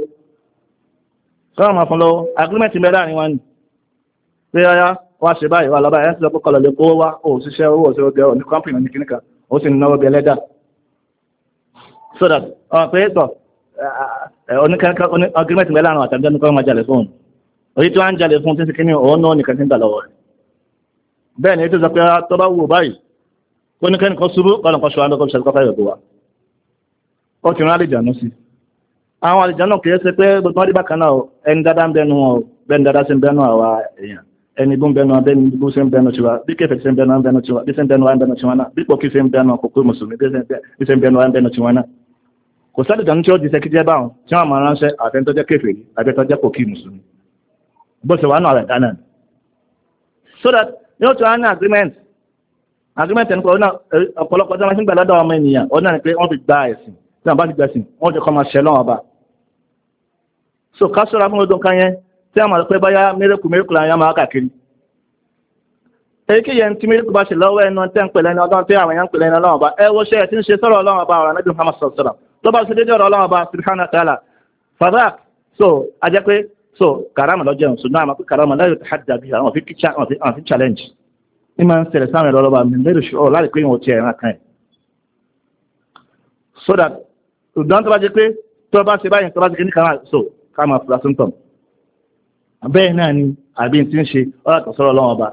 kọ́nà máa fún lówó agreement níbẹ̀ láàrin ni pé ọyá wá ṣe báyìí wà lọ́bàá ẹ̀ ń sọ pé kọlọ̀ lè kó wá òṣìṣẹ́ owó òṣèré ọ̀gẹ̀ òní company ní kíníkà ó sì ń náwó bí agreement mẹ́lá àwọn àtàbí ẹnu kọ́ máa jalè fún orí tí wọ́n ń jalè fún tí kí ní ọ̀hún náà nìkan tí ń gbà lọ́wọ́ rẹ̀ bẹ́ẹ̀ ni ètò ìsọpẹ́ tó bá wù báyìí kó ní kẹ́ni kọ́ ṣubú kọ́nà kọ́ ṣọ́wọ́n kọ́ ṣàkọ́ fẹ́ wa ó ti rán àlejànú sí àwọn àlejànú kìí ṣe pé gbogbo ọdí bákan náà ẹni dáadáa ń bẹnu wọn bẹ́ẹ̀ ni dáadáa sí ń bẹnu àwa èèyàn ẹni bú ń bẹnu abẹ́ ni bú sí ń bẹnu tiwa bí kẹfẹ́ sí ń bẹnu wa ń bẹnu tiwa bí sí ń bẹnu wa bẹnu tiwa náà bí pọ̀kí sí ń bẹnu kòkó mùsùlùmí bí sí ń bẹnu wa bẹnu tiwa náà kò sẹ́lẹ̀ tán tí ó di sẹ́kítẹ́ báwọn tí wọ́n máa ránṣẹ́ àtẹ́ntọ́jẹ́ kèfèrí àtẹ́ntọ́jẹ́ kò kí mùsùlùmí bó ṣe wà náà rẹ̀ dáná so that yóò tún á ní agreement agreement ẹni pé ọ̀pọ̀lọpọ̀ tí wọ́n ti ń gbà lọ́dọ̀ ọmọ ènìyàn ó náà ni pé wọ́n fi gba ẹ̀sìn tí wọ́n bá ti gba ẹ̀sìn wọ́n ti kọ́ máa ṣẹlọ́ ọba so ká ṣọ́ra fún odò kan yẹn tí wọ́n máa pẹ́ báyá mẹ́rẹ́kù mẹ́rẹ́kù la yẹn máa kàkiri èyíkí tí mẹ́rẹ́kù bá ṣe lọ́wọ́ ẹnu tẹ́ ń pè lẹ́nu ọdún tí àwọn yẹn ń pè lẹ́nu ọlọ́run ọba ẹ wo ẹ̀ tí ń ṣe sọ́rọ̀ ọlọ́run ọba ọ̀rọ̀ anábì Muhammad sallallahu tó bá ṣe dédé ọ̀rọ̀ ọlọ́run ọba subhanahu wa ta'ala fàdák so a jẹ́ pé so karama lọ jẹun ṣùgbọ́n àmọ́ pé karama láyò tí hajj àbí àwọn fi kíkà àwọn fi challenge ní máa ń ṣẹlẹ̀ sáwọn ẹ̀rọ ọlọ́ba mi lérò ṣọ́ láti pé ìwọ̀n ti ẹ̀ràn kan ẹ̀ so that ṣùgbọ́n tó bá jẹ́ pé tó bá ṣe báyìí tó bá ṣe kíní karama so karama máa fura symptom bẹ́ẹ̀ náà ni àbí ti ń ṣe ọlọ́tọ̀ sọ́rọ̀ ọlọ́run ọba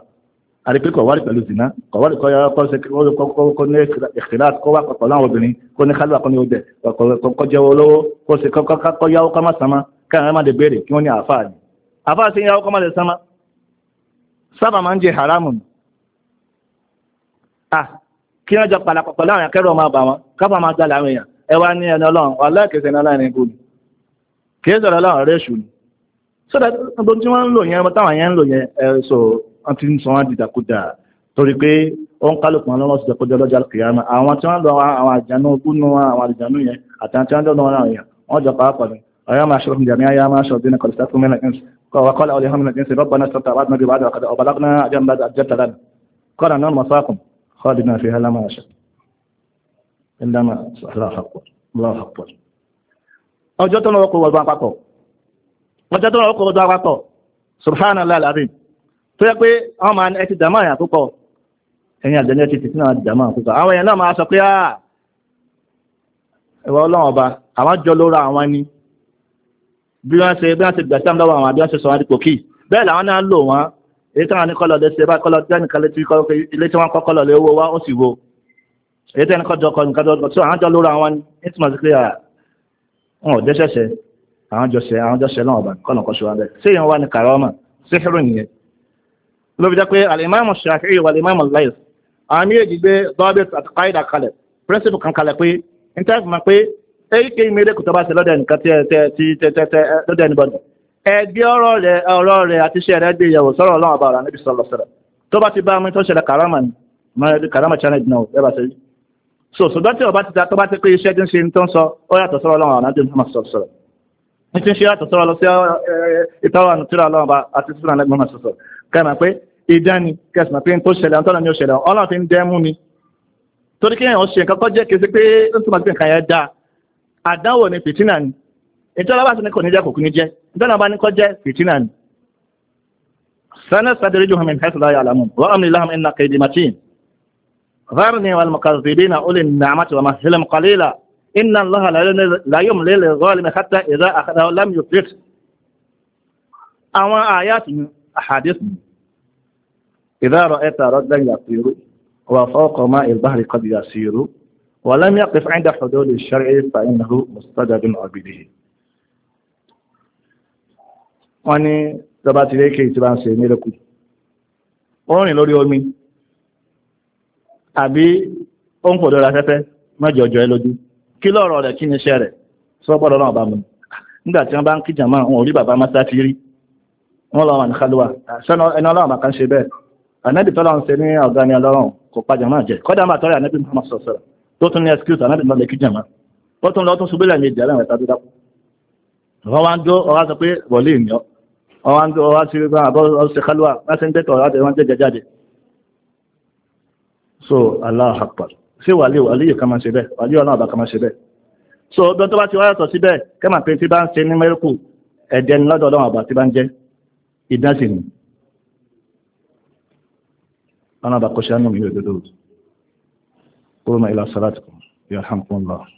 àrípé kọ̀wárí pẹ̀lú zina kọ̀wárí kọ́ ní ìṣẹ̀lá kọ́wá pẹ̀lú àwọn obìnrin kọ́ ní kálíwà kọ́ ní ọdẹ kọjẹ́wọ́ lọ́wọ́ kọ́ sí kọ́ yáwó ká má sama káàrin má lè béèrè kí wọ́n ní àfáà ni àfáà sí yáwó ká má lè sama sábà máa ń jẹ haramu ni ah kí wọ́n jọ pàlàpọ̀ pẹ̀lú àwọn akẹ́rọ máa bà wọn kábà máa gbà láwọn èèyàn ẹ ni kì í sọ̀rọ̀ ọlọ́run rẹ̀ ṣù ni sọ́dọ̀ tí wọ́n ń lò yẹn táwọn yẹn ń lò yẹn ẹ̀ sọ̀rọ̀ wọ́n ti ń sọ wọ́n dìdàkudà torí pé ó ń kálùkù wọn lọ́wọ́ sí ìjọkọjọ́ lọ́jà kìyàmà àwọn tí wọ́n lọ àwọn àjànú ogúnnú àwọn àjànú yẹn àtàwọn tí wọ́n lọ́wọ́ àwọn èèyàn wọ́n jọ pàápàá ni ọ̀yọ́ máa ṣọ́rọ̀ jàmíà yá máa ṣọ́rọ̀ dínà kọlùsá fún mẹ́rin ẹ̀ǹsì وقال أوليهم من الجنس ربنا استطاع عبدنا ببعض وقد أبلغنا أجل بعد أجلت لنا قال نعم وصاكم خالدنا فيها لما أشاء إلا ما الله أكبر الله أكبر أجلت لنا وقوة وقوة وجدت لنا وقوة وقوة سبحان الله العظيم tó yẹ pé wọ́n máa ní ẹtì dàmà àyà púpọ̀ ẹ̀yìn àjẹ́ ní ẹtì tìtì náà dàmà púpọ̀ àwọn èèyàn náà máa sọ pé àà ẹ̀wọ̀ ọlọ́run ọba àwọn jọ lóra àwọn ni bí wọ́n ṣe bí wọ́n ṣe gbẹ̀sán lọ́wọ́ àwọn àbí wọ́n ṣe sọ wọn dípò kí bẹ́ẹ̀ làwọn náà lò wọ́n èyí táwọn ní kọ́lọ̀ lẹ́sẹ̀ bá kọ́lọ̀ tẹ́nì kan létí ilé àwọn jọ ni ní tí lọ́wọ́ ọba kọ́nà kọ́ṣọ́ wa bẹ́ẹ̀ sí ìyẹn wà ní kàrọ́ọ̀mà sí hírò nìyẹn ló fi jẹ́ pé alimami shafi'i wa alimami al-Layth àwọn méjèèjì gbé dọ́bẹ̀t àti qaida kalẹ̀ principle kan kalẹ̀ pé n tẹ́ fi mọ̀ pé èyíkè ìmẹ̀rẹ̀ kò tọ́ba sí lọ́dẹ̀ nìkan tí tẹ́ tẹ́ lọ́dẹ̀ níbọ̀dẹ̀ ẹgbẹ́ ọ̀rọ̀ rẹ̀ ọ̀rọ̀ rẹ̀ àti iṣẹ́ rẹ̀ gbé yẹ̀wò sọ̀rọ̀ ọlọ́run ọba ọ̀rọ̀ níbi sọ̀rọ̀ sọ̀rọ̀ tó bá ti bá mi tó ṣẹlẹ̀ karama ni karama challenge náà ẹ bá ṣe yìí so ṣùgbọ́n tí ọba ti ta tó bá ti pé iṣẹ́ tí ń ṣe tó ń sọ ó yàtọ̀ sọ̀rọ̀ ọlọ́run ọ̀nà àdéhùn máa sọ̀rọ̀ sọ̀rọ̀ ní ti kẹ́mà pé ìdáni kẹsìmọ̀ pé tó ṣẹlẹ̀ ọ̀tọ́nà ni ó ṣẹlẹ̀ ọlọ́run fi ń dẹ́mú ni torí kí èèyàn ṣe nǹkan kọ́ jẹ́ kése pé ó túnmọ̀ sí nǹkan yẹn dá àdánwò ni fìtínà ni ìjọba bá sì ní kò ní jẹ́ kò kú ní jẹ́ ìjọba bá ní kọ́ jẹ́ fìtínà ni. sanad sadiri juhun min haisu láyé alamu wa amri lahum inna kaidi matin zarni wal mukazzibina uli ni'mati wa mahilum qalila inna allaha la yumli lil zalimi hatta idha akhadahu lam yuflit àwọn àyàtì ahadith ni إذا رأيت رجلا يطير وفوق ماء البحر قد يسير ولم يقف عند حدود الشرع فإنه مستدد عبده wọ́n ní tọba ti lé kéèkì tí bá ń ṣe mílòkù ó rìn lórí omi àbí ó ń pòdó rafẹ́fẹ́ mọ́jọ̀jọ́ ẹ lójú kí lọ́rọ̀ rẹ̀ kí ní iṣẹ́ rẹ̀ sọ́gbọ́dọ̀ náà bá mú nígbà wọ́n bá ń kíjà máa wọn ò rí bàbá mọ́sáfírí wọ́n lọ́wọ́ ànábì tọ́lá ń ṣe ní ọ̀gá ni ọlọ́run kò pa jàmá jẹ kọ́dà máa tọ́lá ànábì Muhammad sọ̀sọ̀rọ̀ tó tún ní excuse ànábì náà lè kí jàmá ó tún lọ tún ṣubú lẹ́ẹ̀mí ẹ̀ta tó dákú. wọ́n wá ń dó ọwá sọ pé wọlé ìní ọ ń dó ọwá sí wípé àbọ̀ ọ̀sẹ̀ kálúwà wọ́n ń dẹ́tọ̀ ọ̀rọ̀ wọ́n jẹ́jẹ́ jáde. so Allah Akbar ṣé wàlíì wàlíì kan máa ṣe bẹ́ẹ̀ wàlíì ọlọ́run àbá kan ṣe bẹ́ẹ̀ so ọdún tó bá ti wáyàtọ̀ síbẹ̀ kẹ́mà pé tí bá ń ṣe ní mẹ́rìkù ẹ̀jẹ̀ ni lọ́dọ̀ ọlọ́run àbá ti bá ń jẹ́ ìdánsìn أنا بقشان من قلنا إلى صلاتكم يرحمكم الله